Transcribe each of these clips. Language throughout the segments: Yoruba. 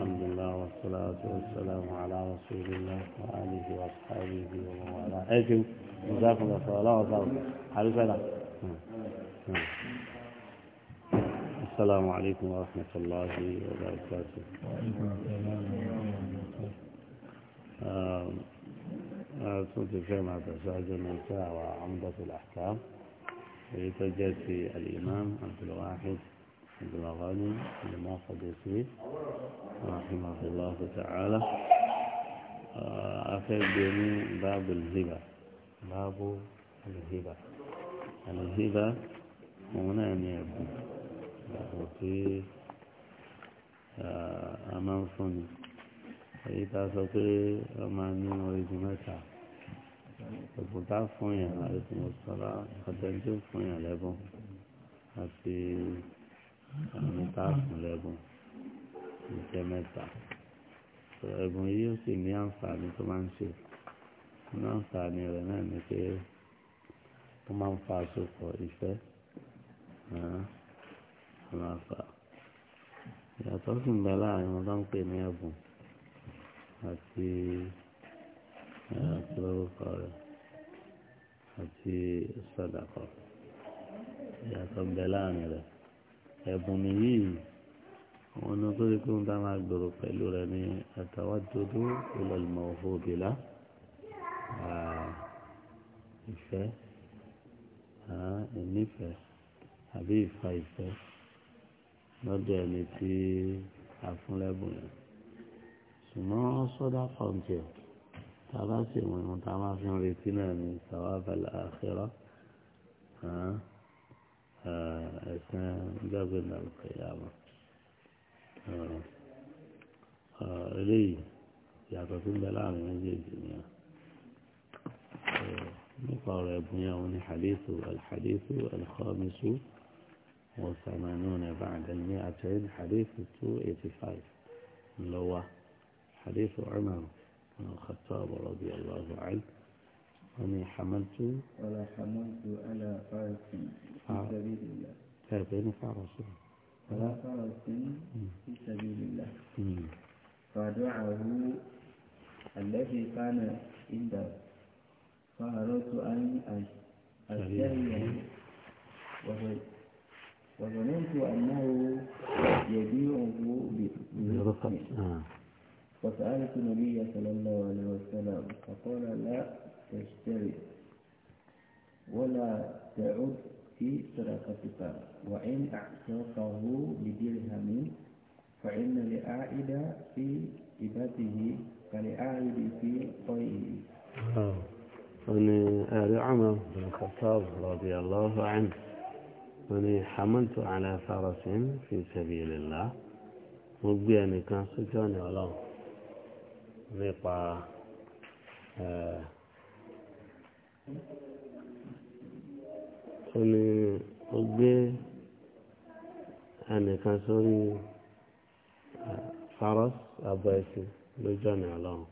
الحمد لله والصلاة والسلام على رسول الله وآله وأصحابه ومن والاه أجل إيه جزاكم الله خيرا الله وزاكم على سلام السلام عليكم ورحمة الله وبركاته كنت آه، آه، في مع تساعد النساء وعمدة الأحكام لتجد الإمام عبد الواحد بن غني المقدسي رحمه الله تعالى أفيد باب الهبة باب الهبة الهبة هنا يبدو وفي أمام فني èyí tá a sọ pé ọmọ ní orígun mẹ́ta òkúta fún yàn àìsàn òṣèlú àwọn tá a fún lẹ́bùn ìjẹ́ mẹ́ta ẹ̀bùn yìí ó sì ní àǹfààní tó máa ń ṣe ní àǹfààní rẹ̀ náà ni pé ó máa ń fa àsopọ̀ ìfẹ́ máa fà ìyàtọ̀ sì ń bẹ láàrin wọn tó ń pè ní ẹ̀bùn àti àti lórúkọ rẹ̀ àti sàdákà ìyàtọ̀ ń bẹ láàrin rẹ̀ ẹ̀bùn nìyí àwọn ọ̀nà tó rí pé ń bá máa gbèrò pẹ̀lú rẹ̀ ní àtàwádòdó ìlọ̀lùmọ̀ òfòbìlá ìfẹ́ ìnífẹ̀ẹ́ àbí ìfà ìfẹ́ lọ́dọ̀ ẹni tí a fún lẹ́bùn yẹn ṣùgbọ́n sọ́dá kọ̀ǹtì tá a bá sì wọ̀nyí tá a máa fi ń retí náà ní sàwábàlà àṣírọ́. قبل القيامة إليه يعطتون بلعب من جيد الدنيا نقرأ يا بنياوني حديث الحديث الخامس وثمانون بعد المائتين حديث 285 اللي هو حديث عمر بن الخطاب رضي الله عنه وما حملت ولا حملت على فرس في سبيل الله تابعين فرس ولا فرس في سبيل الله فدعه الذي كان عنده فأردت أن أشتريه وظننت أنه يبيعه برخص فسألت آه. النبي صلى الله عليه وسلم فقال لا تشتري ولا تعد في صدقتك وإن أعطاكه بدرهم فإن لعائد في إبته كالعائد في طيئه أني آل عمر بن الخطاب رضي الله عنه أني حملت على فرس في سبيل الله مبيني كان سجاني الله nípa ó ní ó gbé ẹnìkan sórí faras abọ́ ẹ̀sìn lójú ọ̀nà ọlọ́run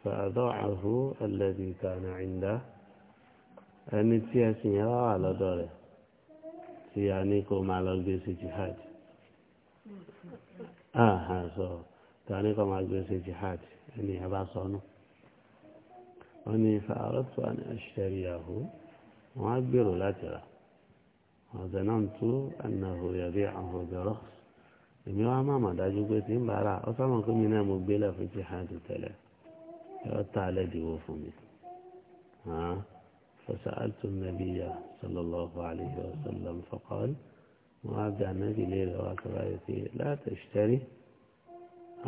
fàdọ́àhù ẹlẹ́bí kànà ìndá ẹni tí ẹ̀sìn yẹn wà lọ́dọ̀ rẹ̀ tí a ní kó máa lọ gbé sí jihad àhà ah, ah, sọ tí a ní kó máa gbé sí jihad ẹni yẹn bá sọnù. أني فأردت أن أشتريه معبر الأجرة وظننت أنه يبيعه برخص إني mà dájú pé tí ń bàárà ọ sábà pé mi náà mo gbé lẹ́fún tí hàn ti tẹ̀lẹ̀ ẹ ta alẹ́ dìbò fún mi. naa mo gbe فسالت النبي صلى الله عليه وسلم فقال وأبدأ النبي ليلة وكرايتي لا تشتري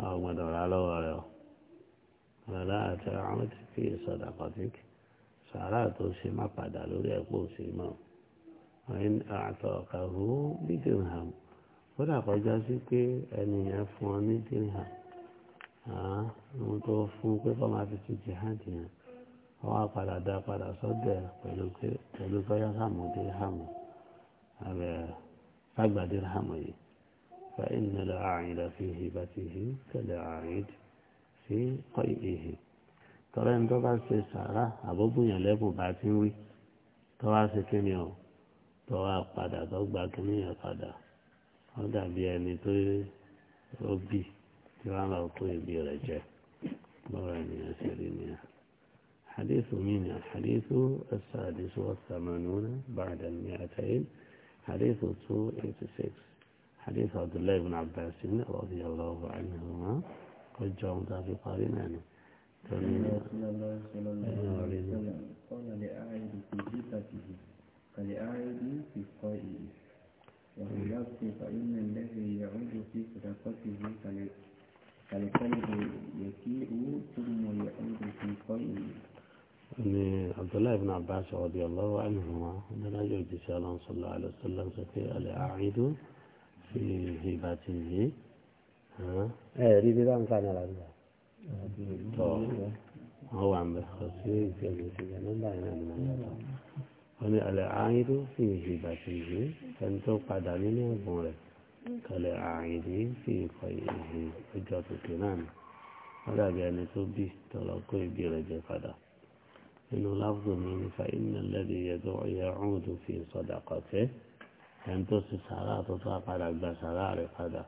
أو ما دور على ورقه wàlá àti في tí kì í sọdà kọtíkì sàrà وإن ṣe má padà lórí ẹ̀pọ̀ sí mọ́ ọ̀yìn àtọ̀kàwó bí dirham kódà kọjá sí pé ẹnìyàn fún ọ ní dirham àwọn tó fún pé kọ́ máa fi ti jihad yẹn wọ́n á padà padà sọ́dẹ̀ pẹ̀lú pé pẹ̀lú bọ́yá sàmù dirham àbẹ̀ sàgbà dirham yìí fa ìnìlẹ̀ àrìn lọ fi hìbàtì yìí tẹ̀lé àrìn dì sí kọ́ ìhè tọ́lá ní tó bá ṣe sàrà àbóbùyàn lẹ́bùn bá ti ń wí tó wá ṣe kí ni ọ tó wá padà tó gba kíní yẹn padà wọ́n dàbí ẹni tó ó bì tí wọ́n lọ kó ibi rẹ̀ jẹ lọ́rọ̀ ènìyàn ṣe rí nìyẹn. حديث مين الحديث السادس والثمانون بعد المئتين حديث 286 حديث عبد الله بن عباس رضي الله عنهما kau jom tapi pari mana? عبد الله بن عباس رضي الله عنهما أن رجل صلى الله عليه وسلم سفي الأعيد في هباته ẹ̀rí bí bá ń fa náírà bí wà. tọ́ wọ́n wà ń bẹ̀ kọ́ sí ìfẹ́ mi sí ìyá nọ́mbà yẹn náà ni wọ́n yàtọ̀. wọ́n ní alẹ́ ààyè tó fi ìgbà sí ìlú ẹni tó padà nínú ẹ̀bùn rẹ̀ kẹlẹ̀ ààyè tí fi ìkọ̀ ìhè ọjọ́ tòkè náà ni wọ́n dàbí ẹni tó bí tọ́lọ́ kó ibi rẹ̀ jẹ padà. إنه لفظ من فإن الذي يدعو يعود في صدقته أن تسس على تطاق على البشر على قدر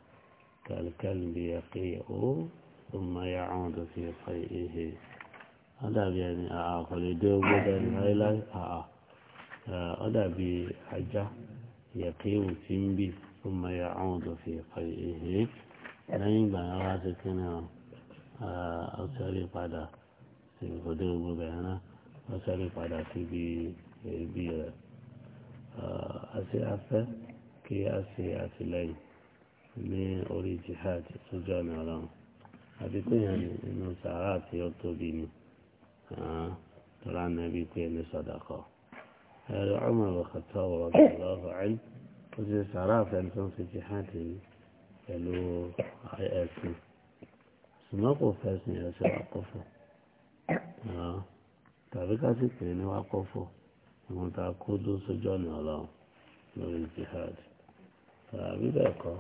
كالكلب يقيء ثم يعود في قيئه هذا يعني آخر يدور بدل هايلا آه هذا بحاجة يقيء تنبي ثم يعود في قيئه لين بنواسك هنا أسري قدا يدور بدل أسري قدا في بيرة أسي أفه كي أسي أسي لين ní orí jihad sójú ọ̀nà ọlọ́run àti péyàn nínú sàárà tí ó tóbi ni tọ́lá nàbí pé ní sọ̀dọ̀kọ̀ ẹ̀rọ ọmọ ìwọ̀kọ̀tọ̀ ọ̀rọ̀lọ́wọ́ ẹ̀yìn ó ti sàárà fẹ́ni tó ń ṣe jihad yìí pẹ̀lú ẹ̀sìn ṣùgbọ́n kò fẹ́sìn ẹ̀sìn wákọ̀fọ̀ tàbí ká sì pè ní wákọ̀fọ̀ ìwọ̀n ta kó dó sójú ọ̀nà ọlọ́run lórí tàbí bẹ́ẹ̀ kọ́.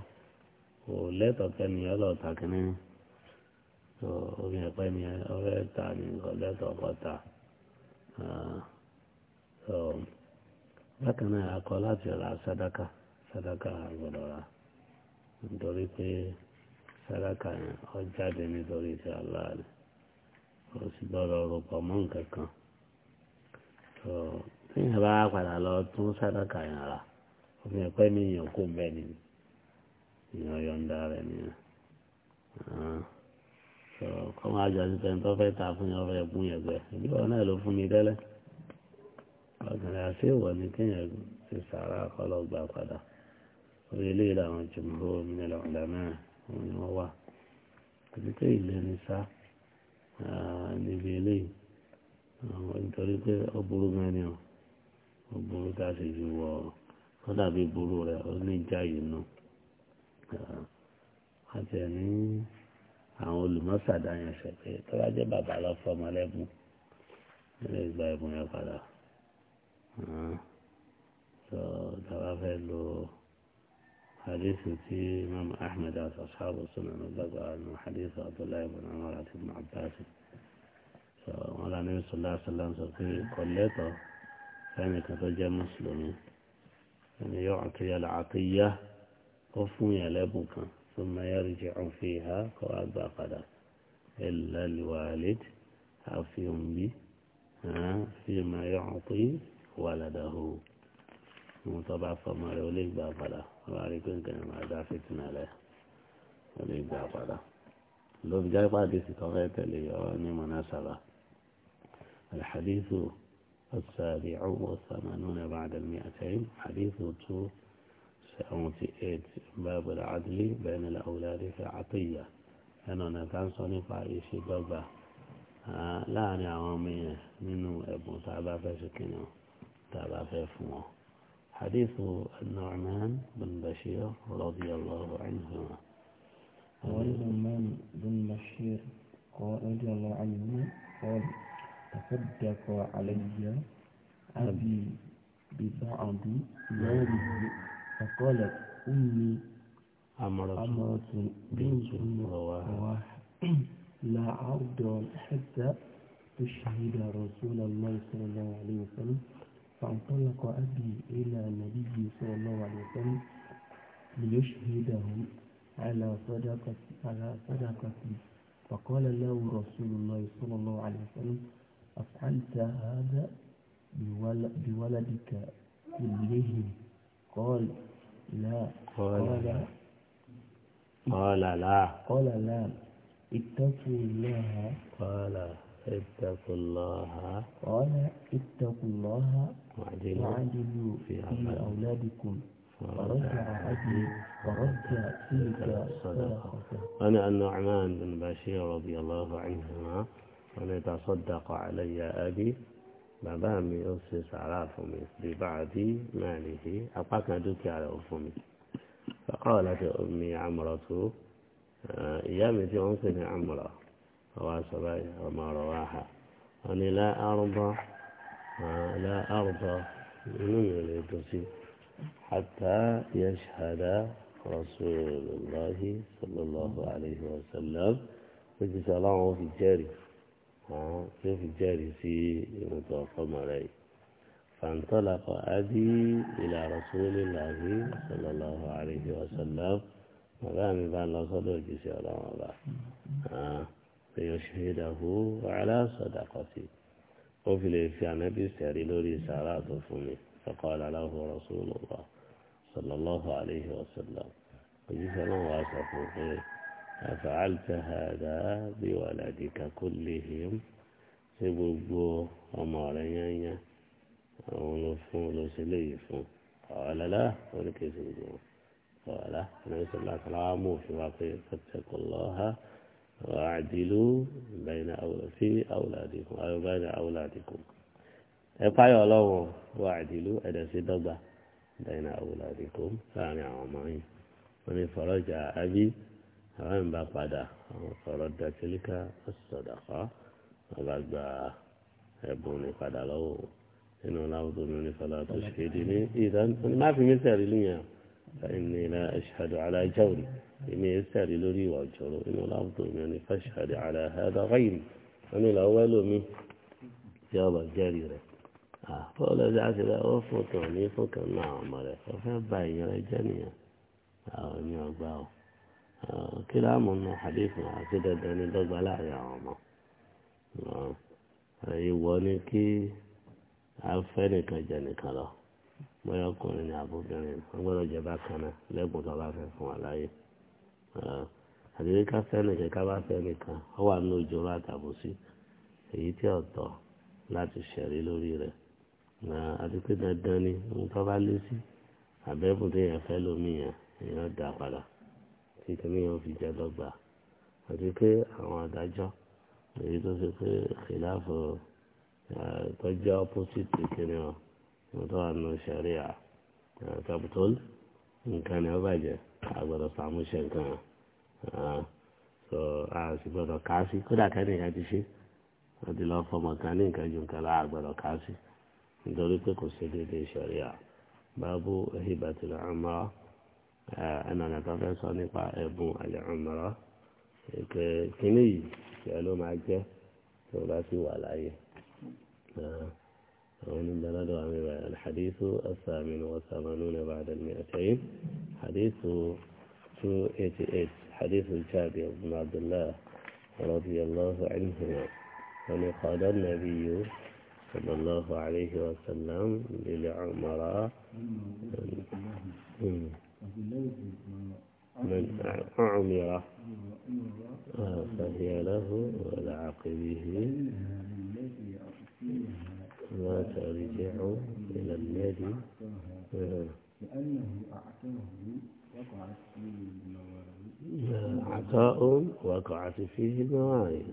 kò lẹ́tọ̀ọ́ kẹ́niyàn lọ ta kínní ni tó obìnrin ni ọ̀rẹ́ ta ni kò lẹ́tọ̀ọ́ ah, bákan náà akọ láti ra sadaka sadaka gbọ́dọ̀ ra nítorí pé sadaka yẹn ọ nítorí ti aláàlẹ kò sì gbọ́dọ̀ rúbọ mọ́ nǹkan kan bá padà lọ tún sadaka yẹn ra obìnrin pẹ́ ni èèyàn kò bẹ́ẹ̀ èèyàn yọ̀ǹda rẹ̀ nìyẹn kọ́ máa jọ sí pẹ́ńtọ́ fẹ́ ta fún yẹn ọ̀fẹ́ gún yẹn pẹ́ ìbí wọn náà ló fún mi tẹ́lẹ̀ ọ̀gànlẹ̀ àti ìwọ̀ ni kéèyàn ti sàárà kọ́lọ̀ gbà padà orí ilé làwọn jùmọ̀ omi nílò ọ̀dà náà wọn ni wọ́n wà àti pé ìlẹ́ni sá níbi eléyìí nítorí pé ó burú gan ni ó burú tá a sì ju wọ ọ dàbí burú rẹ ó ní ìjà yìí àtẹ̀ní àwọn olùmọ́sàdáyàn ṣe pé tọ́lá jẹ́ bàbá lọ fọmọ lẹ́bùn nílé ìgbà ẹ̀bùn yẹn padà tó hmm. tọ́lá fẹ́ lo hadithu tí imam ahmed àti asáàbù sunan gbàgbà nù hadithu abdullahi ibn amar àti ibn abbas tó wọn lànà ìṣúná sọlá sọ pé kọ̀lẹ́tọ̀ fẹ́nìkan tó jẹ́ mùsùlùmí ẹni yóò àtúnyẹ̀ làákìyà. قفويا لابوكا ثم يرجع فيها كوالبا قدر إلا الوالد حفي بي فيما يعطي ولده وطبعا فما يوليك بابلا وعليكم كان ما دافتنا له يوليك بابلا لو جاي بعدي سيكوغيت لي أني مناسبة الحديث السابع والثمانون بعد المئتين حديث تو سأمتئت باب العدل بين الأولاد في عطية أنا نتان صني فايشي بابا آه، لا أنا عامي منو أبو تابا فشكينو تابا فمه حديث النعمان بن بشير رضي الله عنه قال النعمان بن بشير رضي الله عنه قال تصدق علي أبي ببعض ماله فقالت أمي أمرت بنت رواح لا عرض حتى تشهد رسول الله صلى الله عليه وسلم فانطلق أبي إلى النبي صلى الله عليه وسلم ليشهده على صدقة على صدقتي فقال له رسول الله صلى الله عليه وسلم أفعلت هذا بولدك كلهم قال لا قال لا قال لا قال لا اتقوا الله قال اتقوا الله قال اتقوا الله وعدلوا في أولادكم فرجع أبي فرجع تلك الصدقة أنا النعمان بن بشير رضي الله عنهما أن يتصدق علي أبي bàbá mi ó ṣe sàárà fún mi bíbá àbí máa lè ṣe apá kan dúkìá rẹ̀ ó fún mi fàkọ́ láti omi àmọ̀rọ̀ tó ìyá mi tí wọ́n ń pè ní àmọ̀rọ̀ ọwọ́ aṣọ báyìí ọmọ ọ̀rọ̀ wa hà wọ́n ní láàrúbọ̀ láàrúbọ̀ inú mi lè dùn sí حتى يشهد رسول الله صلى الله عليه وسلم وجزاه الله في جاره hàn tí ó fi jẹ́rìí sí irun tó ọkọ̀mọ̀ rẹ̀ yìí. فانطلق أبي إلى رسول الله صلى الله عليه وسلم وقام بان لصدق جسي الله فيشهده على صدقتي وفي الإفيان بيستعري لوري سارات فمي فقال له رسول الله صلى الله عليه وسلم وجسي الله واسفه أفعلت هذا بولدك كلهم سببوا أماريا ونفون لسليف قال لا ولكي سببوا قال النبي صلى الله عليه وسلم في فاتقوا الله وأعدلوا بين أول في أولادكم أو بين أولادكم أفعل الله وأعدلوا أدى سدبا بين أولادكم فأنا عمين ومن فرج أبي àwọn بقدا فرد تلك الصدقة dàtílíkà sọ̀dàkọ́ قد لو إنه لا أظنني فلا تشهدني إذا ما في مثال لي فإني لا أشهد على جوري إني أستعري لوري وأجره إنه لا أظنني فاشهد على هذا غيري أنا الأول من جاب الجريرة آه فولا زعت لا أوفو توني فكنا عمره ففي بين رجانيا آه نيوغ باو kíláàmù nù hadith àti dandan ní dọ́gba láàrin àwọn ọmọ ìwọ ni kí afẹ́ nìkan jẹ nìkan lọ bóyá ọkùnrin ni àbúbìnrin wọn gbọ́dọ̀ jẹ bákan náà lẹ́bùn tó bá fẹ́ fún wa láyé àti bí ká fẹ́ nìkan ká bá fẹ́ nìkan ó wà ní ojú ọ̀rọ̀ àtàbòsí èyí tí ọ̀tọ̀ láti ṣẹ̀rí lórí rẹ̀ àti pé dandan ni ohun tó bá lé sí àbẹ́bùn tó yẹn fẹ́ lómi yẹn èèyàn dá padà tí kìnìún fi jẹ́ dọ́gba àti pé àwọn adájọ́ èyí tó ṣe pé ìlàfọ̀ tọ́jú opposite kìnìún wọn tó wà nù sẹ́ríà capitol nǹkan ni ó bàjẹ́ àgbọ̀dọ̀ sàmúṣe nǹkan so àti gbọ́dọ̀ ká sí kódà kẹ́nìkan ti ṣe wọ́n ti lọ fọmọ kan ní nǹkan ju nǹkan lọ àgbọ̀dọ̀ ká sí nítorí pé kò ṣe déédéé sẹ́ríà báàbù ẹ̀hìn bàtìlá àmọ́. آه، أنا نتابع صنيقا أبو العمرة كني سألو معك ثلاثي والعية ومن دلد الحديث الثامن وثمانون بعد المئتين حديث 288 حديث الكابي بن عبد الله رضي الله عنه أن قال النبي صلى الله عليه وسلم للعمراء من عمر فهي له ولعقبه ما ترجع إلى الذي لأنه أعطاه وقعت فيه الموارد عطاء وقعت فيه الموارد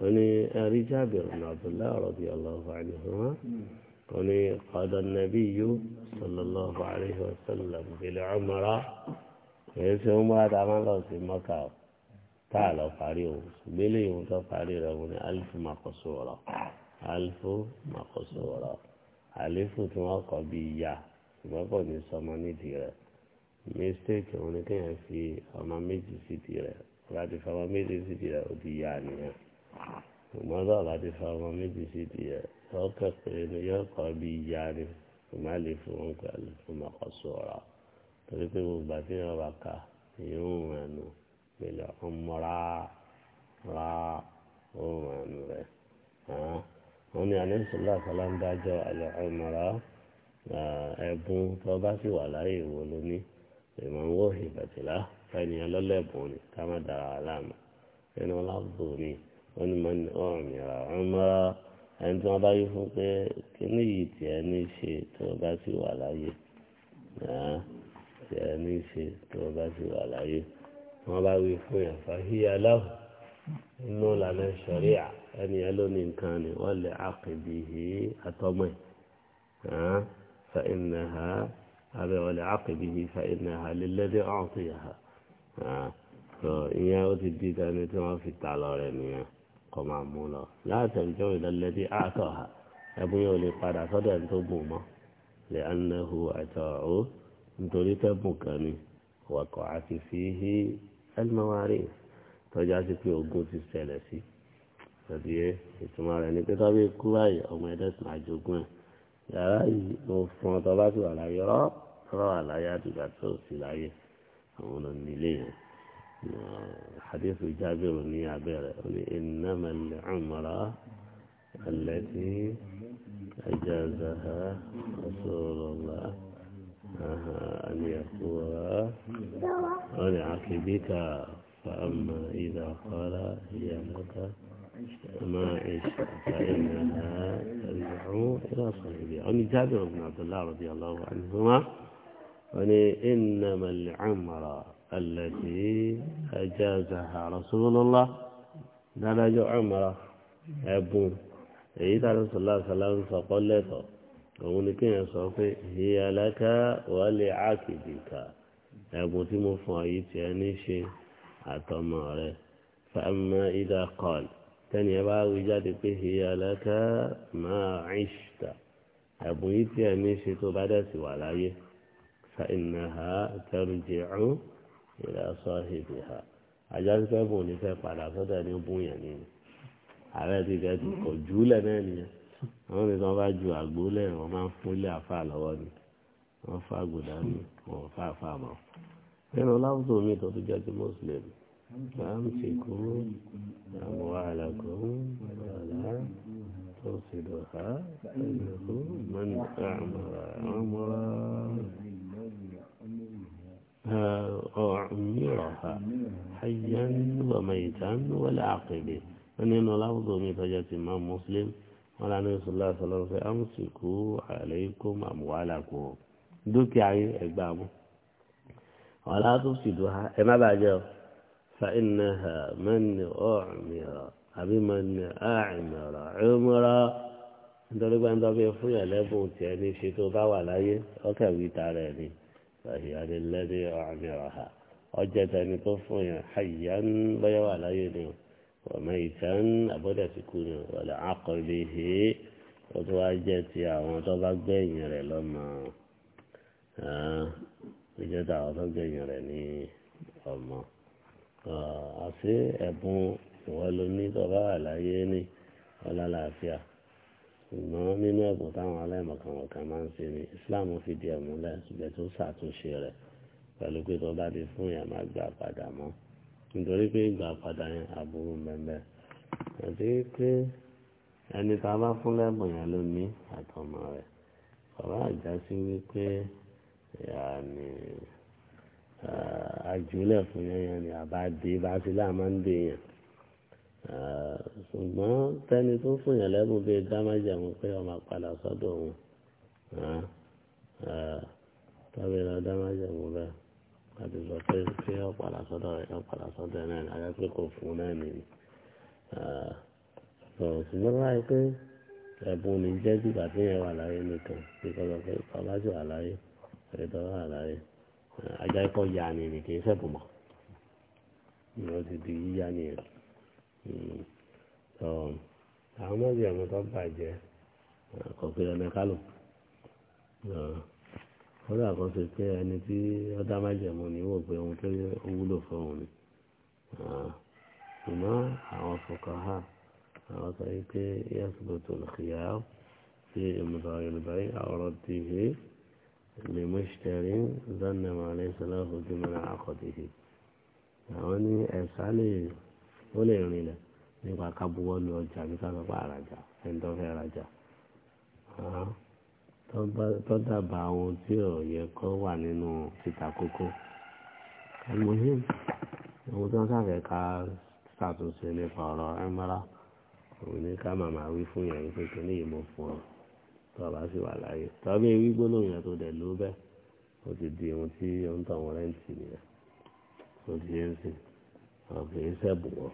هنا أبي جابر بن عبد الله رضي الله عنهما قال قاد النبي صلى الله عليه وسلم بالعمرة يسوم ما تعمل في مكة تعالوا قاريو بليهم تقاري رموني ألف مقصورة ألف مقصورة ألف تمقى بيا تمقى نسماني تيرا mistake òun ni kéèyàn fi ọmọ méjì sí tirẹ̀ láti fi ọmọ méjì sí tirẹ̀ ó ti yá nìyẹn ṣùgbọ́n tó ti fi méjì sí tirẹ̀ tọ́kẹ́ pèrè ni yóò kọ́ bí ìyá ni ìmọ̀ àlè fún wọn pẹ̀lú fún màkọ́sọ ọ̀rọ̀ torí pé gbogbo àti ìyá wa kà ìyẹn ò wọn ẹnu pẹ̀lú ọmọ rà rà ó wọn ẹnu rẹ̀ wọn ni alẹ́ sọlá sọlá ń dájọ́ alẹ́ ọmọ rà ẹ̀bùn tó bá sì wà láyé ìwò lóní ìmọ̀ ń wò ìbàtìlá fẹ́ni ọlọ́lẹ́bùn ni ká má dára aláàmú ẹnu ọlá bò ní wọn ní ọ̀rọ̀ mìíràn ọmọ rà ẹni tí wọ́n bá yí fún pé kíní yìí tiẹ̀ ní í ṣe tó o bá sì wà láyé tiẹ̀ ní í ṣe tó o bá sì wà láyé wọ́n bá wí fún yàn fàáhíyà láwù inú lànà ṣàríà ẹni ẹ lónìí nǹkan ni wọ́n lè àkìbì yìí àtọ́mọ̀ ẹ̀ fa ìnà ha abẹ́ wọ́n lè àkìbì yìí fa ìnà ha lélẹ́dẹ́ ọ̀hún tó yà ha ìyẹn ó ti di dání tí wọ́n fi ta lọ rẹ̀ nìyẹn kọ máa mú lọ látẹ̀jọ́ ìlẹ́lẹ́dí àtọ̀ ha ẹ̀bùn yóò lè padà sọ́dọ̀ ẹni tó bùn mọ́ lè anahu àtọ̀ ó nítorí tẹ́bùn kan ni wọ̀kọ̀ àti fi hí ẹlmọ́wárì tọ́jà sí pé ogun ti ṣẹlẹ̀ sí tàbí ìtumọ̀ rẹ̀ ni pé tọ́bí kú báyìí ọmọ ẹ̀dẹ́sìn àjogún ẹ̀ yàrá yìí mo fún ọ bá ti wà láyé rọ́ rọ́ àláyé àdìgbà tó sì láyé àwọn ọ̀nà nílé yẹn. حديث جابر بن يابر إنما العمرة التي أجازها رسول الله أن يقول لعقبك فأما إذا قال هي لك ما عشت فإنها ترجع إلى صاحبها يعني جابر بن عبد الله رضي الله عنهما يعني إنما العمرة التي أجازها رسول الله درج عمره أبون èyí tá a lọ sọlá sọlá ń sọ kọ́ lẹ́tọ̀ òun ni kéèyàn sọ pé ìyá aláka wàhálì ákìdìkà ẹ̀bùn tí mo fún ọ yìí tiẹ̀ ní ṣe àtọmọ rẹ fàmà ìdá kọ́l tẹ́ni ẹ bá wí jáde pé ìyá aláka máa àìṣìta ẹ̀bùn yìí tiẹ̀ ní ṣe tó bá dẹ̀ sì wà láyé fa ìnáha tẹrù jẹ̀rún ìlà sọ́ọ̀hìbì ha àjọṣe pé bò ní fẹ́ padà sọ́dọ̀ ní bùn yẹn ni ààrẹ ti kẹ́ ti kọ̀ jù lẹ̀ náà nìyẹn àwọn mi kan bá ju àgbo lẹ̀ wọ́n máa ń fúnlé àfa lọ́wọ́ ni wọ́n fa àgùdá ni wọ́n fa àfa mọ́ nínú láwùjọ mi tó ti jẹ́ ti muslim máa ti kú àwọn àlàkò ọ̀la tó sì lọ́ha ẹ̀yìn kú mọ́ni àmọ́ra àmọ́ra. أعمرها حيا وميتا ولا عقبه أن لفظ متجة إمام مسلم ولا النبي صلى الله عليه وسلم أمسكوا عليكم أموالكم dúkìá yín ẹgbà mú ọ̀la tó sì dùn ha ẹ má bàjẹ́ o fàìnà ha mẹ́ni ọ̀mìrọ̀ àbí mẹ́ni àìmọ̀rọ̀ ẹ̀mọ̀rọ̀ nítorí pé ń فهي للذي أعمرها وجدني طفل حيا بيوى على يده وميتا أبدا تكون ولعقله وتواجدت يا وطبق بين لما ìjọba àwọn tó gbẹ̀yìn rẹ̀ ní ọmọ àti ẹ̀bùn ìwọ́lómi tó bá wà láyé ní ṣùgbọ́n nínú ẹ̀bùn táwọn aláìmọ̀kànmọ̀kàn máa ń ṣe ni Islam fi di ẹ̀mú lẹ̀ ṣùgbọ́n tó ṣàtúnṣe rẹ̀ pẹ̀lú pé tó bá ti fún yẹn má gbà padà mọ́ nítorí pé ìgbà padà yẹn aburú mẹ́mẹ́ àti pé ẹni tá a bá fún lẹ́bùn yẹn ló ní àtọmọ rẹ̀ bàbá àjà sí wípé yàní àjùlẹ̀ fún yẹn yẹn ni àbá dé bá sí láà ń dé yẹn ṣùgbọ́n tẹ́ni tó fún yàn lẹ́bùn bíi dámájàmú pé ọmọ padà sọ́dọ̀ òun tọ́bi lọ dámájàmú bẹ́ẹ̀ láti sọ pé pé ọ padà sọ́dọ̀ rẹ̀ ọ padà sọ́dọ̀ náà ní ajá pé kò fún náà nìyí ṣùgbọ́n láì pé ẹ̀bùn ní jẹ́ dìgbà tí yẹn wà láyé nìkan bí kọ́ lọ pé ọba sì wà láyé ẹ̀dọ́ wà láyé ajá ikọ̀ ya ni nìkan ṣẹ̀bùn mọ́ ni wọ́n ti di yíyá nìyẹn tọ́ hmm. àwọn mọ́bí ẹ̀mọ́ tó bàjẹ́ kọ̀ọ̀kì ọ̀nà kálù ọ̀rọ̀ àkọsí pé ẹni tí ọ̀dá májẹ̀mú ni wò pé ohun tó wúlò fún òun ni ah, ṣùgbọ́n àwọn fọkàn hà àwọn sọ pé yẹ́sùbùtù lùkìyà sí ìmùtọ̀ yorùbáyé àwọ̀rọ̀ tv lèmọ́ṣítẹ́rì zanna màálẹ́ sọlá fún jùmọ̀ àkọ́tìhì àwọn ní ẹ̀sà lè ó lè rìnlẹ̀ nípa ká buwọ́ lu ọjà bí ká sọpá àràjà ẹni tó fẹ́ rajà tó dábàá ohun tí ò yẹ kó wà nínú títà kókó almuhim ohun tó ń sáfẹ́ ká ṣàtúnṣe nípa ọ̀rọ̀ ẹmọ́ra òun ní ká màmá wí fún yẹn wípé kíní yìí mo fún ọ tó o bá sì wà láyé tọ́bí wí gbólóhùn yẹn tó dẹ̀ ló bẹ́ẹ̀ ó ti di ohun tí ó ń tọ̀wọ́n rẹ́ǹtì nìyẹn ó ti yẹn sìn ọ̀gbìn ìṣẹ́bù wọn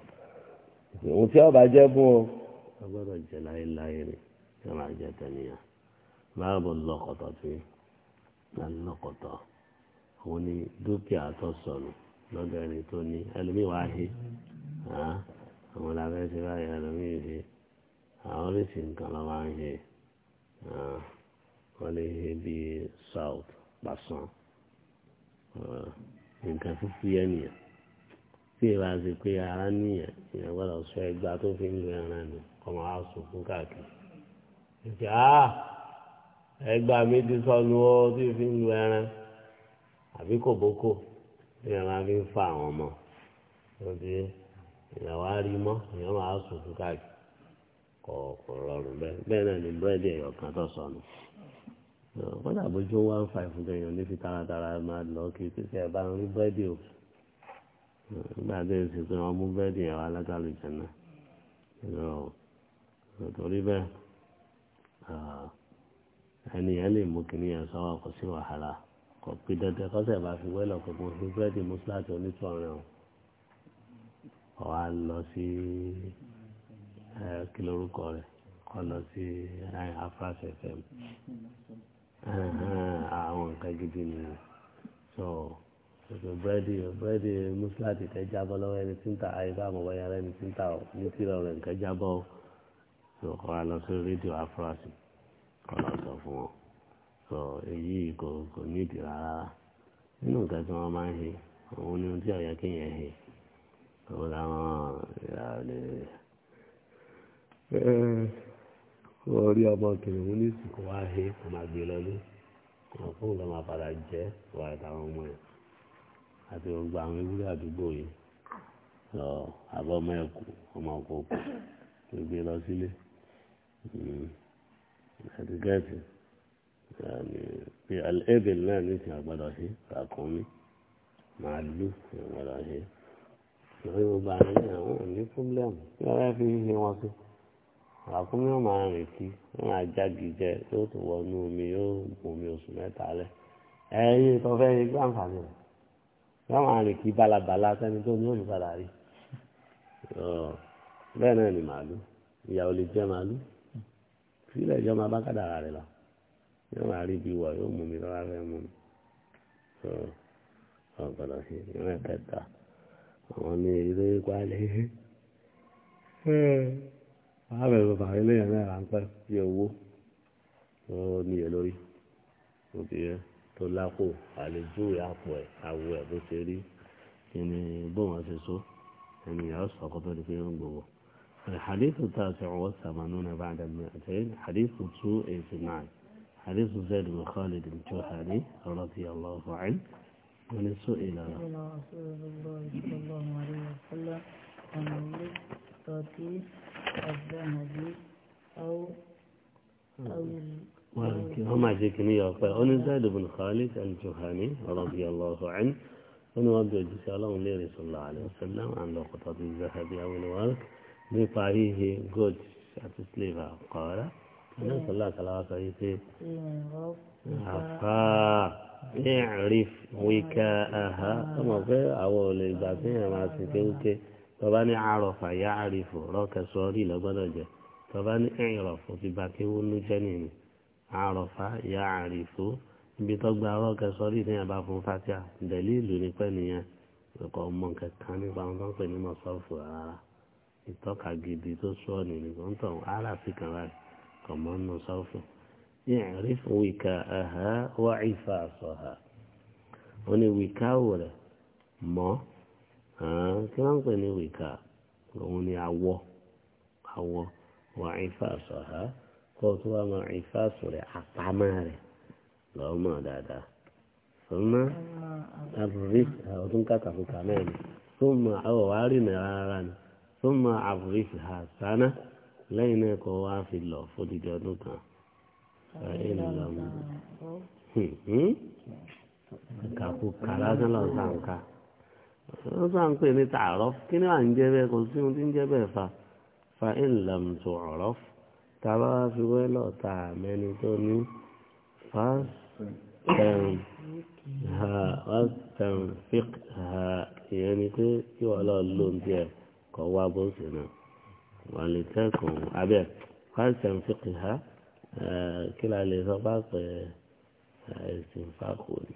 òun tí ọba jẹ́ fún ọ agbọ́dọ̀ jẹ́ láéláé ni tí wọ́n máa jẹ́ tẹ̀léyàn máa bọ̀ lọ́kọ̀tọ̀ tí máa lọ́kọ̀tọ̀ òun ni dúkìá tó sọnù lọ́dọ̀ ẹni tó ní ẹlòmíì wá ṣe àwọn làbẹ́ ṣe báyìí ẹlòmíì ṣe àwọn oríṣi nǹkan ló máa ń ṣe wọ́n lè ṣe bíi south pàṣán nǹkan fúfú yẹn tí ìwà sí pé ara nìyẹn ìyẹn gbọ́dọ̀ sọ ẹgbà tó fi ń lo ẹran nù ọmọ wa sunkún káàkiri. ìjà ah, ẹgbà mi ti sọnù ó tí fi ń lo ẹran àbí kòbókò ìyẹn máa fi ń fa àwọn ọmọ lóde ìyàwó arímọ ìyẹn máa sunkún káàkiri kọ kọ rọrùn bẹ́ẹ̀ bẹ́ẹ̀ náà ní búrẹ́dì ẹyọ kan tó sọnù kọ́dà bójú one five gan-an ní fi taratara máa lọ kí títí ẹ bá ń rí búrẹ́dì òkú nígbà tó ń sìn pé wọ́n mú bẹ́ẹ̀dì ẹ̀rọ alágbàlù jẹ̀nà torí bẹ́ẹ̀ ẹni yẹn lè mú kìnìún yẹn sọ́wọ́ kò sí wàhálà kò pé dandan kọ́sẹ̀ bá fi wẹ́lọ̀ pé mo fi búrẹ́dì mọ́sálásí onítọ̀ọ̀rẹ́ o kọ́ wa lọ sí kí lorúkọ rẹ̀ kọ́ lọ sí afras fm àwọn nǹkan gidi nìyẹn so gbogbo búrẹ́dì búrẹ́dì mùsùlùmí kẹ́ jábọ́ lọ́wọ́ ẹni tí ń ta àyíká àmọ́ wáyà ẹni tí ń ta ọ ní tìrọ rẹ̀ nǹkan jábọ́ ọ tó kọ́ wa lọ sí rédíò afurasí kọ́ lọ sọ fún wọn sọ èyí kò kò nídìí rárá nínú nǹkan tí wọ́n máa ń he òun ni ohun tí ọ̀yà kéèyàn he òun làwọn ìyàlẹ̀ wọ́n rí ọmọ kìnìún ní ìsìnkú wa he kò máa gbé lọ ní ọ̀pọ̀ nǹkan máa padà jẹ́ wà táwọn ọmọ yẹn àti gbogbo àwọn ewúrẹ́ àdúgbò yìí lọ àbọ̀mọ ẹ̀kú ọmọ ọkọ̀ òkú tó gbé lọ sílé hmm. àti gẹ́ẹ̀tì ẹ̀bìn náà ní ìsìn àgbàdo ṣe ràkúnmí màálù àgbàdo ṣe lórí gbogbo àwọn ní àwọn ní fúbílẹ̀mù kí wọ́n fẹ́ fi ṣe wọn sí ràkúnmí wọn máa rìn kí wọn máa jági jẹ yóò tó wọnú omi yóò gun omi oṣù mẹ́ta lẹ ẹ̀yin tó fẹ́ yí gbàǹfààní rẹ̀ wọ́n máa rìn kí balabala sẹ́ni tó ní òní padà rí bẹ́ẹ̀ náà ni màálù ìyàwó lè jẹ́ màálù sílẹ̀ ìjọ máa bá kádàrà rẹ̀ lọ yóò máa rí ibi wọ̀ yóò mú mi lọ́wọ́ fẹ́ mú mi ọ̀gbọ̀dọ̀ sí ìrìn kẹta àwọn ní ilé ìpàdé wàá bẹ̀rẹ̀ bàbá ilé yẹn náà ráńpẹ́ bí owó ó níye lórí ó ti aṣọ lápò àlejò àpò ẹ̀ àwọ̀ ẹ̀ bó ṣe rí ẹni bóun ṣe so ẹni ìyàwó sọ ọkọ tó di pé ó ń gbowó. الحديث التاسع والثمانون بعد المئتين حديث 289 حديث زيد بن خالد الجهني رضي الله عنه من سئل رسول الله صلى الله عليه وسلم عن اللقطة الذهب أو أو هم عجيكم يا أخوة أنا زيد بن خالد الجهاني رضي الله عنه أنا وابد الجسالة وليري صلى الله عليه وسلم عن لقطة الذهب أو الورق بطعيه جود أتسليفا قال أنا صلى الله عليه وسلم عفا اعرف وكاءها ثم في أول البعثين مع سكوتي طبعا عرف يعرف راك سوري لبنجة طبعا اعرف وفي باكي ونجنيني àròfà ìyá àrìfó ibi tó gba ọ̀rọ̀ kẹsọrí ní ẹbá fún fatia dẹlí ìlú ní pẹ nìyẹn ẹkọ ọmọ kẹkàn nípa wọn tó ń pè ní mọsọfù rárá ìtọ́ka gidi tó sọ ní nìkan tó ń ara sí kan báyìí kọmọ nù sọfù yẹrìfù wíkà ẹhẹ wá ìfà sọhà wọn ni wíkà wò rẹ mọ kí wọn ń pè ní wíkà òun ni awọ awọ wá ìfà sọhà kó o tún wá máa ìfásùn rẹ̀ àpamọ́ rẹ̀ lọ́wọ́ mọ̀ dáadáa. sọ́nà àbúrísì ọdún kàkàkùkà náà ni sọ́nà àwọ̀ wá rí nà rárá ni sọ́nà àbúrísì àsánà lẹ́yìn náà kó wá fi lọ fódìdí ọdún kan. fa fa ìlànà tó tàbá fi wẹ́lọ̀ ta mẹ́ni tó ní fásitẹ̀fík ha ìyẹn ni pé kí wọ́n lọ lò ń tiẹ̀ kọ́ wá bó sì náà wọ́n lè tẹ́kùn abẹ́ fásitẹ̀fík ha kí la lè sọ bá pẹ́ ẹ̀sìn fáko ni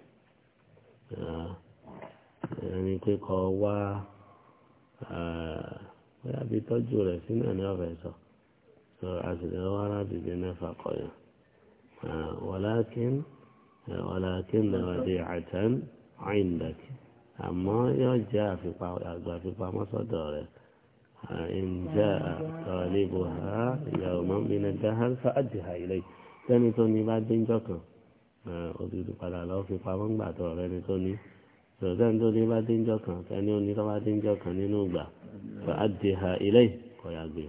ìyẹn ni pé kọ́ wá bóyá bí tọ́jú rẹ̀ sínú ẹ̀ ní ọ̀fẹ́ sọ. أسدوارة بدنا فقيا ولكن ولكن وديعة عندك أما يرجع في يرجع في ما صدره إن جاء طالبها يوما من الدهر فأدها إليه ثاني توني بعد بين جوكا أريد قال له في قام بعد ثاني توني ثاني توني بعد بين جوكا ثاني توني بعد بين جوكا نينوبا فأدها إليه ويعذبه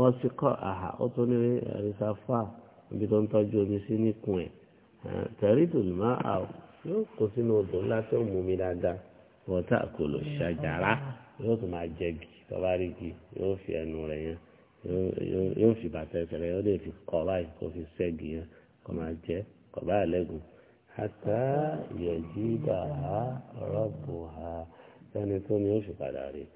wọ́n sì kọ́ àhà ó tún ní rìsáfà ibi tó ń tọ́jú omi sí níkùn ẹ̀ tẹ̀rí dùnmá a yóò kó sínú odò ńlá tó mú mi dáadáa wọ́tá kò lò ṣàjàrá yóò tún máa jẹ gì tọ́ba rí yóò fi ẹnu rẹ̀ yẹn yóò fi bàtà ẹsẹ̀ rẹ̀ yóò lè fi kọ́ báyìí kó fi ṣẹ́gi yẹn kó máa kó bá rọ́bù ha ẹni tó ni ó fi padà rí i.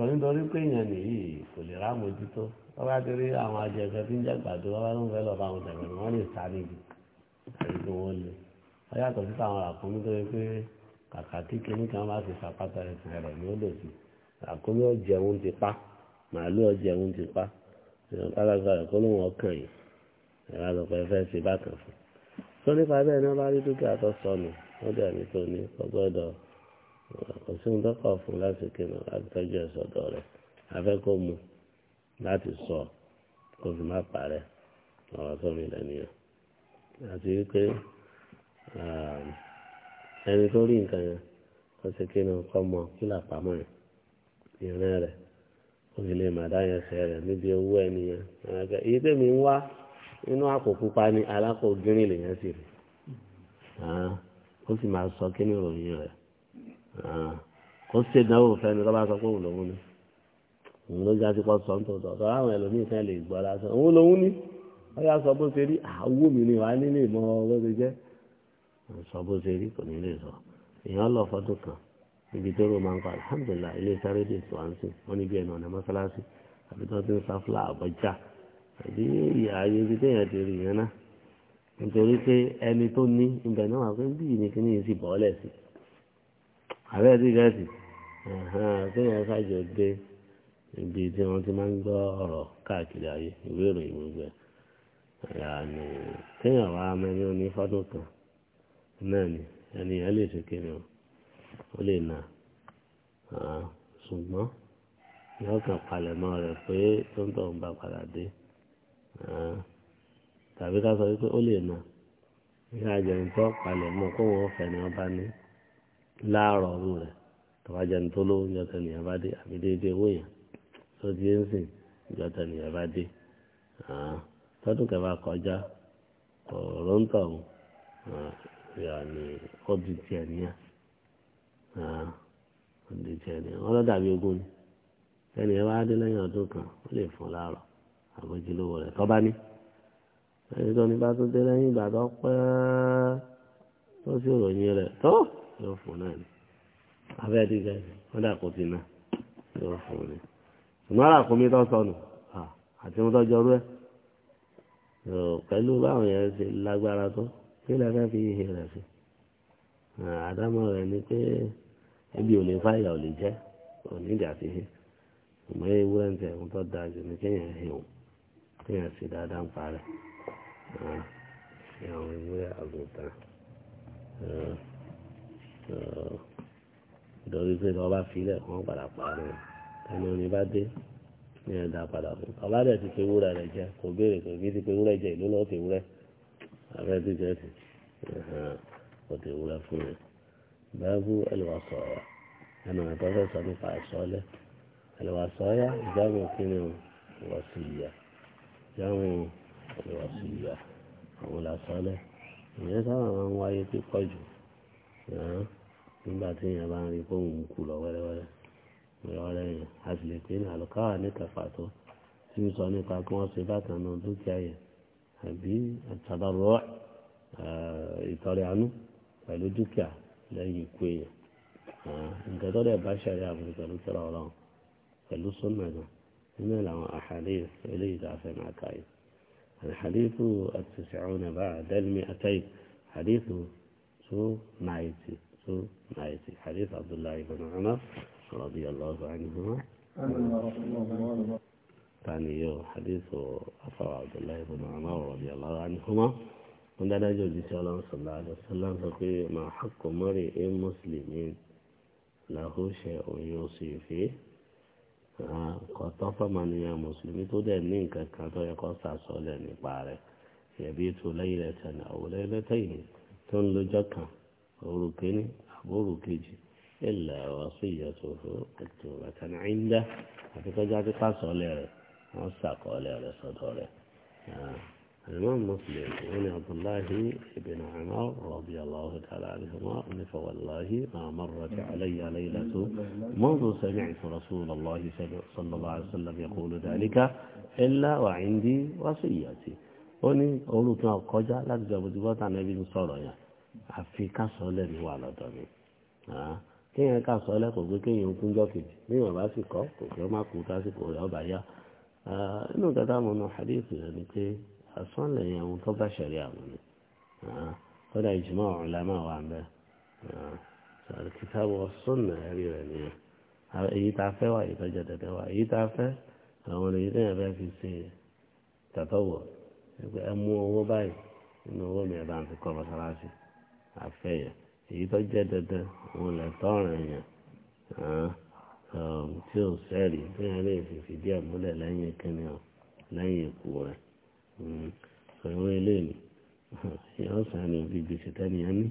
sọ nítorí pé èèyàn nìyí kò lè rá mójútó wọ́n bá ti rí àwọn ajẹ̀fẹ́ tí ń jẹ́ gbàdo wọ́n bá ń fẹ́ lọ́ọ́ bá wọn tẹ̀lé wọ́n lè sá níbi èyí tó wọ́n lé wọ́n yàtọ̀ sí táwọn àkómi tó yẹ pé kàkà kí kinní kan bá ti sàpátà rẹ̀ tìrẹ̀ rẹ̀ ni ó lò sí àkómi ọ̀jẹ̀hún ti pa màálù ọ̀jẹ̀hún ti pa ìyọ̀n rẹ̀ kó ló wọn yìí ẹ̀rọ ni wọ́n bá rí kò sí ní tọ́kọ̀ fún láti kinu láti tọ́jú ẹ̀sọ́ dọ̀ rẹ̀ afẹ́ kó mu láti sọ kó fi má parẹ́ ọ̀rọ̀ tó mi lẹ́nu yẹn àti wípé ẹni tó rí nǹkan yẹn kó sì kinu kọ́ mọ kí làpamọ́ rẹ̀ ìrìn rẹ̀ kó sì lè má dáyẹ ẹsẹ̀ rẹ̀ níbi owó ẹni yẹn èyí tẹ̀mí ń wá nínú àpò pupa ni alákòó gírin sì rí ó sì máa sọ kí ni ìròyìn kó ṣe ìdánwò fẹ́ni tó bá sọ pé òun lòun ni òun ló já sí pọ́ sọ nítorí ọ̀tọ̀ àwọn ẹlòmíì kan lè gbọ́ lásán òun lòun ni wọ́n yá sọ bó ṣe rí àwọ̀ mi ni wàá nílé ìmọ̀ bó ṣe jẹ́ sọ bó ṣe rí kò ní lè sọ èèyàn lọ fọdún kan níbi tó rò máa ń pa alhamdulilah ilé sáré dè tó à ń sìn wọ́n níbi ẹ̀nà ọ̀nà mọ́sálásí àbí tó ti ń sáfúlà àbọ̀já àbí ààyè ibi téèyàn ti rí yẹn náà nítorí pé ẹni tó ní ibẹ̀ náà wà pé bí ìnìkíní yìí sì bọ́ọ̀lẹ̀ sí i àbẹ́ ti gẹ̀ẹ́sì kéèyàn ṣàjọ dé ibi tí wọ́n ti máa ń gbọ́ ọ̀rọ̀ káàkiri ayé ìwé ìròyìn gbogbo ẹ̀ yàní kéèyàn wá mẹ́ni ó ní fọ́dún kan náà ni ẹni yẹn lè ṣe kéèyàn ó lè nà ṣùgbọ́n yóò kàn palẹ̀ mọ́ rẹ̀ pé tó ń tọ̀ bá padà dé tàbí ká sọ wípé ó lè nà ìyá àjẹmí tó palẹ̀ mọ́ kó wọ́n fẹ́ ni wọ́n bá ní láàárọ̀ ọ̀run rẹ̀ tọ́ba ní tó lówó ń jọta nìyẹn dé àbí déédéé owó yẹn tó ti ń sìn jọta nìyẹn bá dé tọ́dún kẹfà kọjá ọ̀rọ̀ ń tọ̀ ọ́n yàní ó tiẹ̀ nìyẹn ó tiẹ̀ nìyẹn wọ́n lọ́ dàbí ni ẹnì yẹn bá dé lẹ́yìn ọdún kan ó lè fún láàárọ̀ àbójúlówó rẹ̀ tọ́ba ní ẹni tó ní bá tó dé lẹ́yìn ìgbà tó pẹ́ tó sì ròyìn rẹ̀ tó yóò fún náà ni abẹ́ ti gẹ̀ wọ́n dà kó ti náà yóò fún ni ṣùgbọ́n àrà kún mi tó sọnù àti wọn tọ́jọ́ rú ẹ̀ pẹ̀lú báwọn yẹn ṣe lágbára tó kí lè fẹ́ fi ihe rẹ̀ sí àdámọ̀ rẹ̀ ni pé ebi ò lè fa ìyà ò lè jẹ́ òní ìjà sí he ṣùgbọ́n ewúrẹ́ ń tẹ̀ ń tọ́ da jù ní kéèyàn hẹ̀wò kéèyàn sì dáadáa ń parẹ́ àwọn ewúrẹ́ àgùntàn nítorí pé tí wọ́n bá filẹ̀ wọ́n padà pààrọ̀ ẹni omi bá dé ní ẹ̀dá padà fún ọba dẹ̀ ti fi wúrà rẹ̀ jẹ kò béèrè pé kí ti fi wúrà jẹ ìlú náà ti wúrẹ́ abẹ́ ti jẹ́ ti kò ti wúrẹ́ fún rẹ̀ báàbù ẹlòwàsọ̀ ọ̀yà ẹnu ẹ̀tọ́ fẹ́ sọ nípa ẹ̀sọ́lẹ̀ ẹlòwàsọ̀ ọ̀yà ìjáàmù kíni wọ̀sì ìyà ìjáàmù ẹlòwàsì ìyà àwọn làsọ́lẹ̀ ìyẹn sábà máa ń wáyé pípọ̀ jù nígbà tí èèyàn bá ń rí fóun ń kú lọ wẹ́rẹ́wẹ́rẹ́ wẹ́rẹ́wẹ́rẹ́ yẹn a sì lè pè ní àlùkáwà ní kẹfàtó tí ń sọ nípa kí wọ́n ṣe bákan náà dúkìá yẹn àbí àtàdárọ̀ ìtọ́rẹ àánú pẹ̀lú dúkìá lẹ́yìn ikú èèyàn nǹkan tó dẹ̀ bá ṣàlẹ̀ àbúrò pẹ̀lú tẹ́lẹ̀ ọlọ́run pẹ̀lú sọ́nàdà nínú làwọn àhàlẹ́ eléyìí tá a fẹ́ máa kà yìí àhàlẹ́fù àti ṣàwọn àbá àdẹ́lmi àtẹ́yì àhàlẹ́fù tó náà yìí 290 حديث عبد الله بن عمر رضي الله عنهما ثاني حديث أثر عبد الله بن عمر رضي الله عنهما من دلائل جوجي صلى الله عليه وسلم فقي ما حق مرئ مسلم له شيء يوصي فيه قطف من يا مسلم تدنين كتنطو يقصى صلى نقارك يبيت ليلة أو ليلتين تنلجكا orúkẹ́ni àbórúkejì إلا وصيته ètò àtàní عنده àti tọ́jà tí pàṣọlẹ̀ rẹ̀ wọ́n ṣàkọọ́lẹ̀ rẹ̀ الإمام مسلم عن عبد الله بن عمر رضي الله تعالى عنهما فوالله ما مرت علي ليلة منذ سمعت رسول الله صلى الله عليه وسلم يقول ذلك إلا وعندي وصيتي وني أولو تنقجع لك جابت عن أبي صلى àfi ká sọ lẹ́nu wà lọ́dọ̀ mi kéèyàn ká sọ lẹ́kọ̀ọ́ pé kéèyàn kún jọ́ kejì níwọ̀n bá sì kọ́ kò kí ó má kú tásìkò rẹ̀ ọba yá inú kẹta mo nu hadith rẹ̀ ni pé asán lẹ́yìn àwọn tó bá ṣẹlẹ̀ àwọn ni kódà ìjùmọ̀ ọ̀rùn la máa wà mẹ́ kìtàbù ọ̀sùn ẹ̀rí rẹ̀ nìyẹn èyí tá a fẹ́ wà èyí tó jẹ dẹ̀dẹ̀ wà èyí tá a fẹ́ àwọn èyí tó yẹn fẹ́ fi ṣe tàtọ́wọ̀ ẹ mú owó báyìí inú owó mi ẹ̀ bá ń fi kọ́ mọ́sálásí àfẹ́yàn èyí tó jẹ́ dandan òun lè tọ́ràn èèyàn um, tí ò sẹ́rì tí wọ́n lè fi fìdí ẹ̀ múlẹ̀ lẹ́yìn kíni ọ ikú rẹ̀ ìwé hmm, eléyìí yóò sàn bí gbèsè tẹ́ni ẹ ní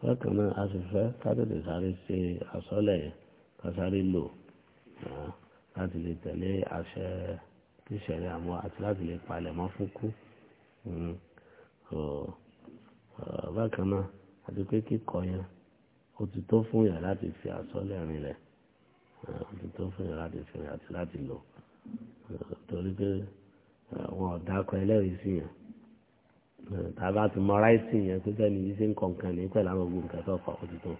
bákan náà a sì fẹ́ ká sáré ṣe àsọ́lẹ̀ yẹn ká sáré lò láti lè tẹ̀lé àṣẹ tíṣẹ̀rẹ̀ àmọ́ àti láti lè palẹ̀mọ́ fún kú. Hmm, Ah, bákan náà àti pé kíkọ yẹn ó ti tó fún yàn láti fi àsọlẹ̀ rinlẹ̀ ah, ó ti tó fún yàn láti fi rìn àti láti lò ah, torí pé àwọn ọ̀dàkọ ẹlẹ́rìí sí yẹn tàbá ti mọ ráìtì yẹn pé sẹ́ni yìí ṣe ń kọ̀ǹkan ní pẹ̀lú àwọn ogun kẹfẹ́ ọkọ̀ ó ti tó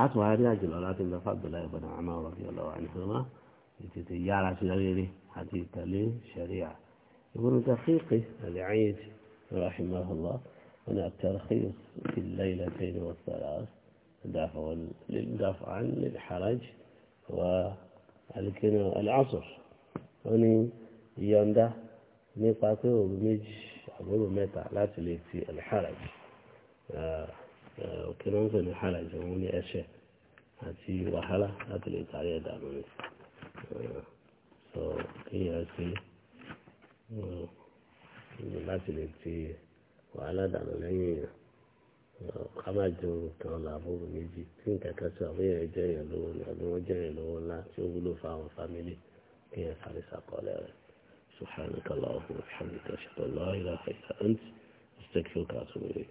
a tún wá rí àjùlọ láti lọ fàgbọ́lá ìbọn àwọn ọ̀rọ̀ bí ọlọ́wà ní ìtètè yára sí rere àti ìtẹ̀lé ṣẹ̀ríà ìbùrùkà fíìkì àlẹ́ àyè rahimahullah. هنا الترخيص في الليلتين والثلاث دفع دفعا للحرج والعصر وني ينده nípa pé òru méjì àbúrò mẹ́ta láti lè fi alharaj òkè náà ń pè ní haraj òun ní ẹ̀ṣẹ̀ àti wàhálà láti lè tàrí ẹ̀dànù rẹ̀ sọ kéèyàn ṣe láti lè ti. wàhálà dànù lẹ́yìn èèyàn ká má jẹ ohun kan làbúrò méjì tí nǹkan kan sọ àwọn èèyàn jẹ́ èèyàn lówó ni àbí wọ́n jẹ́ èèyàn lówó ńlá tí ó wúlò fún àwọn kí èèyàn sáré sàkọọ́lẹ̀ rẹ̀ سبحانك اللهم وبحمدك اشهد ان لا اله الا انت استغفرك واتوب اليك